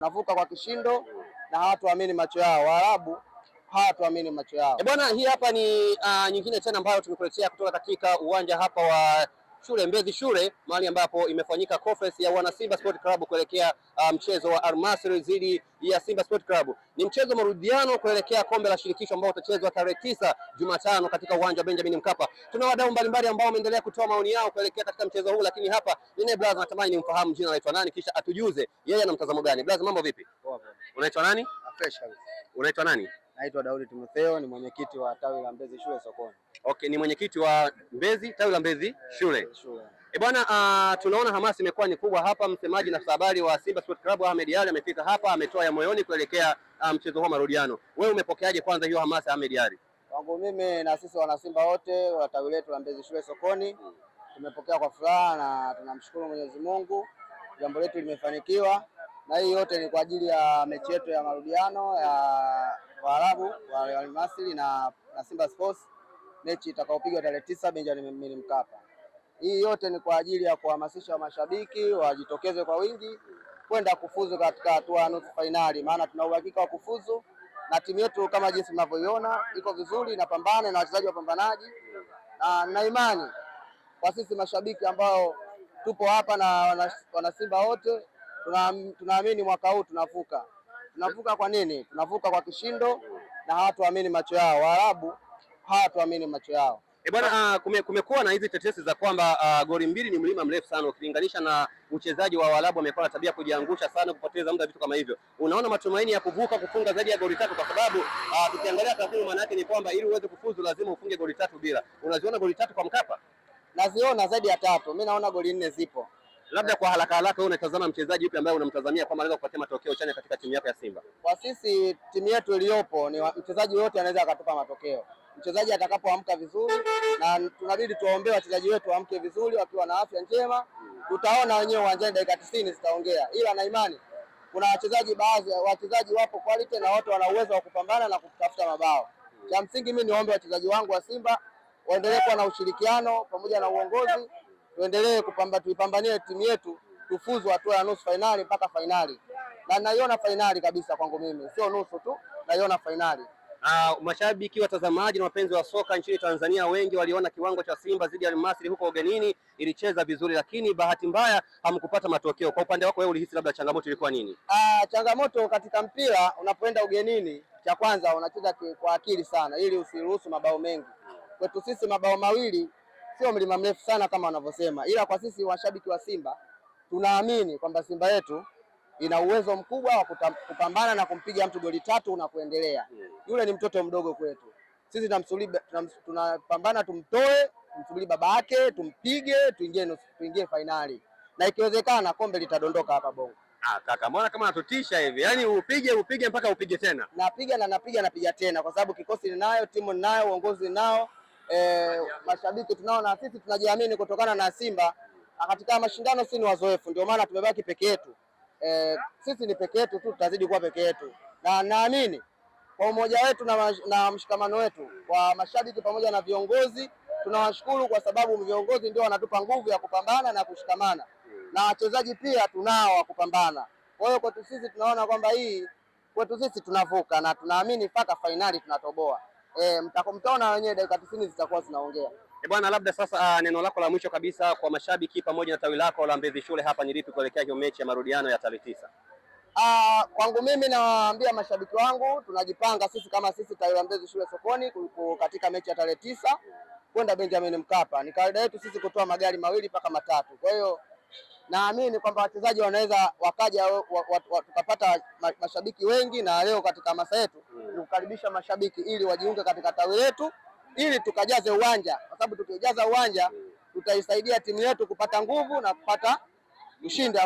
navuka kwa kishindo na hawatuamini macho yao, Waarabu hawatuamini macho yao. E bwana, hii hapa ni uh, nyingine tena ambayo tumekuletea kutoka katika uwanja hapa wa shule Mbezi shule mahali ambapo imefanyika conference ya wana Simba Sport Club kuelekea ah, mchezo wa Almasri dhidi ya Simba Sport Club. Ni mchezo marudiano kuelekea kombe la shirikisho ambao utachezwa tarehe tisa Jumatano katika uwanja wa Benjamin Mkapa. Tuna wadau mbalimbali ambao wameendelea kutoa maoni yao kuelekea katika mchezo huu, lakini hapa ninaye brother, natamani nimfahamu jina, anaitwa nani, kisha atujuze yeye ana mtazamo gani. Brother, mambo vipi? Unaitwa nani? Unaitwa nani? Naitwa Daudi Timotheo, ni mwenyekiti wa tawi la Mbezi shule sokoni. Okay, ni mwenyekiti wa Mbezi tawi la Mbezi shule, shule. E bwana, uh, tunaona hamasa imekuwa ni kubwa hapa. Msemaji na afisa habari wa Simba Sport Club Ahmed Ally amefika hapa, ametoa ya moyoni kuelekea ah, mchezo huu wa marudiano. Wewe umepokeaje kwanza hiyo hamasa Ahmed Ally? Kwangu mimi na sisi wanasimba wote wa tawi letu la Mbezi shule sokoni tumepokea kwa furaha na tunamshukuru Mwenyezi Mungu, jambo letu limefanikiwa, na hii yote ni kwa ajili ya mechi yetu ya marudiano ya Waarabu wa Al-Masry na, na Simba Sports mechi itakayopigwa tarehe tisa Benjamin Mkapa. Hii yote ni kwa ajili ya kuhamasisha mashabiki wajitokeze kwa wingi kwenda kufuzu katika hatua ya nusu fainali, maana tuna uhakika wa kufuzu na timu yetu kama jinsi mnavyoiona iko vizuri, inapambana na wachezaji wapambanaji, na na imani kwa sisi mashabiki ambao tupo hapa na wanasimba wote, tunaamini tuna mwaka huu tunavuka. Tunavuka kwa nini? Tunavuka kwa kishindo, na hawatuamini macho yao. Waarabu hawatuamini macho yao. E bwana, uh, kume, kumekuwa na hizi tetesi za kwamba uh, goli mbili ni mlima mrefu sana ukilinganisha na uchezaji wa Waarabu. Wamekuwa na tabia kujiangusha sana, kupoteza muda, vitu kama hivyo. Unaona matumaini ya kuvuka kufunga zaidi ya goli tatu? Kwa sababu uh, tukiangalia takwimu, maana yake ni kwamba ili uweze kufuzu lazima ufunge goli tatu bila. Unaziona goli tatu kwa Mkapa? Naziona zaidi ya tatu. Mimi naona goli nne zipo labda kwa haraka haraka, unatazama mchezaji yupi ambaye unamtazamia kwamba anaweza kupatia matokeo chanya katika timu yako ya Simba? Kwa sisi timu yetu iliyopo ni mchezaji yote anaweza akatupa matokeo, mchezaji atakapoamka vizuri, na tunabidi tuwaombee wachezaji wetu waamke vizuri wakiwa na afya njema. Tutaona wenyewe uwanjani, dakika tisini zitaongea, ila na imani kuna wachezaji baadhi, wachezaji wapo quality na wote wana uwezo wa kupambana na kutafuta mabao. Cha msingi mimi niwaombe wachezaji wangu wa Simba waendelee kuwa na ushirikiano pamoja na uongozi tuendelee kupamba, tuipambanie timu yetu tufuzu hatua ya nusu fainali mpaka fainali, na naiona fainali kabisa kwangu mimi, sio nusu tu, naiona fainali. Uh, ah, mashabiki watazamaji na wapenzi wa soka nchini Tanzania wengi waliona kiwango cha Simba dhidi ya Almasri huko ugenini, ilicheza vizuri, lakini bahati mbaya hamkupata matokeo. Kwa upande wako wewe ulihisi labda changamoto ilikuwa nini? Uh, changamoto katika mpira unapoenda ugenini, cha kwanza unacheza kwa akili sana, ili usiruhusu mabao mengi. Kwetu sisi mabao mawili sio mlima mrefu sana kama wanavyosema, ila kwa sisi washabiki wa Simba tunaamini kwamba Simba yetu ina uwezo mkubwa wa kupambana na kumpiga mtu goli tatu na kuendelea. Yule ni mtoto mdogo kwetu sisi, tunapambana tumtoe, tumsubiri baba yake, tumpige, tuingie tuingie fainali na ikiwezekana kombe litadondoka hapa Bongo. Ah, kaka, mbona kama natutisha hivi? Yaani upige upige mpaka upige tena. Napiga na napiga napiga tena kwa sababu kikosi ninayo, timu ninayo, uongozi ninao eh, mashabiki tunaona sisi tunajiamini kutokana na Simba ah, katika mashindano, si ni wazoefu, ndio maana tumebaki peke yetu. eh, sisi ni peke yetu tu, tutazidi kuwa peke yetu, na naamini kwa umoja wetu na, na mshikamano wetu kwa mashabiki pamoja na viongozi tunawashukuru kwa sababu viongozi ndio wanatupa nguvu ya kupambana na kushikamana, na wachezaji pia tunao wa kupambana. Kwa hiyo kwetu sisi tunaona kwamba hii kwetu sisi tunavuka, na tunaamini mpaka fainali tunatoboa eh, mtaona wenyewe dakika 90 zitakuwa zinaongea. E bwana, labda sasa ah, neno lako la mwisho kabisa kwa mashabiki pamoja na tawi lako la Mbezi Shule hapa ni lipi kuelekea hiyo mechi ya marudiano ya tarehe tisa? Ah, kwangu mimi nawaambia mashabiki wangu tunajipanga sisi kama sisi tawi la Mbezi Shule Sokoni katika mechi ya tarehe tisa kwenda Benjamin Mkapa. Ni kawaida yetu sisi kutoa magari mawili mpaka matatu, kwa hiyo naamini kwamba wachezaji wanaweza wakaja tukapata mashabiki wengi, na leo katika hamasa yetu ni hmm. kukaribisha mashabiki ili wajiunge katika tawi letu ili tukajaze uwanja, kwa sababu tukijaza uwanja hmm. tutaisaidia timu yetu kupata nguvu na kupata ushindi.